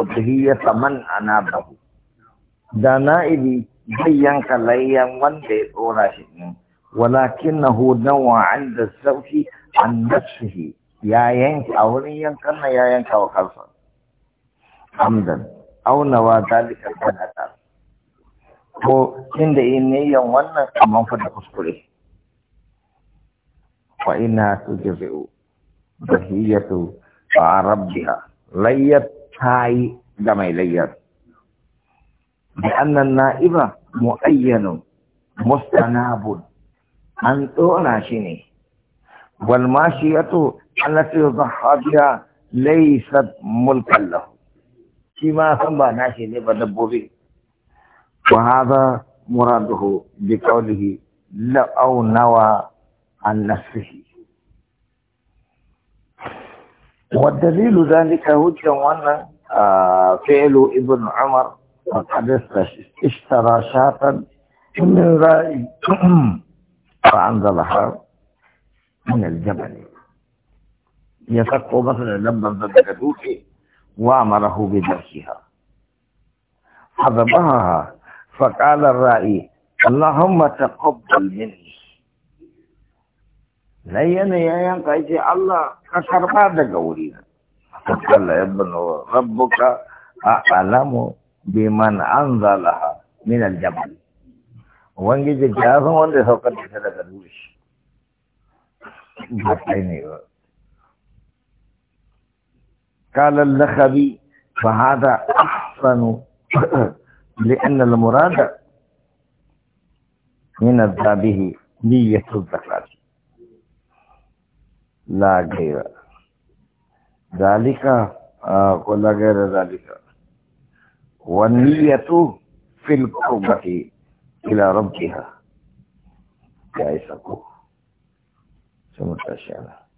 udhiyata man anabahu da na'ibi zai yanka layyan wanda ya tsora shi din walakinahu nawa inda sauki an nafsihi ya yanka a wurin yankan na ya yanka wa kansa amdan aunawa zalika sanata ko inda yin niyyan wannan amma fa da kuskure fa ina tujzi'u bahiyatu fa rabbiha layyat tayi ga mai لأن النائب معين مستناب أن تؤناشني والماشية التي يضحى بها ليست ملكا له فيما سمى ناشني بدبوبي وهذا مراده بقوله لأو نوى عن نفسه والدليل ذلك هو جوانا آه، فعل ابن عمر وقد اشترى شاة من رأي فأنزلها من الجبل يسق مثلا لما ذلك دوكي وأمره بدرسها حضبها فقال الرأي اللهم تقبل مني لين يين قايتي الله كسربا دغوري فقال ابن ربك اعلم بمن انزلها من الجبل وانجي جاهو وند سوكت سره دروش قال اللخبي فهذا احسن لان المراد من الذابه نية الذكر la gaira zalika ko la gaira zalika wan niyatu fil qurbati ila rabbiha ya isa ko sai mu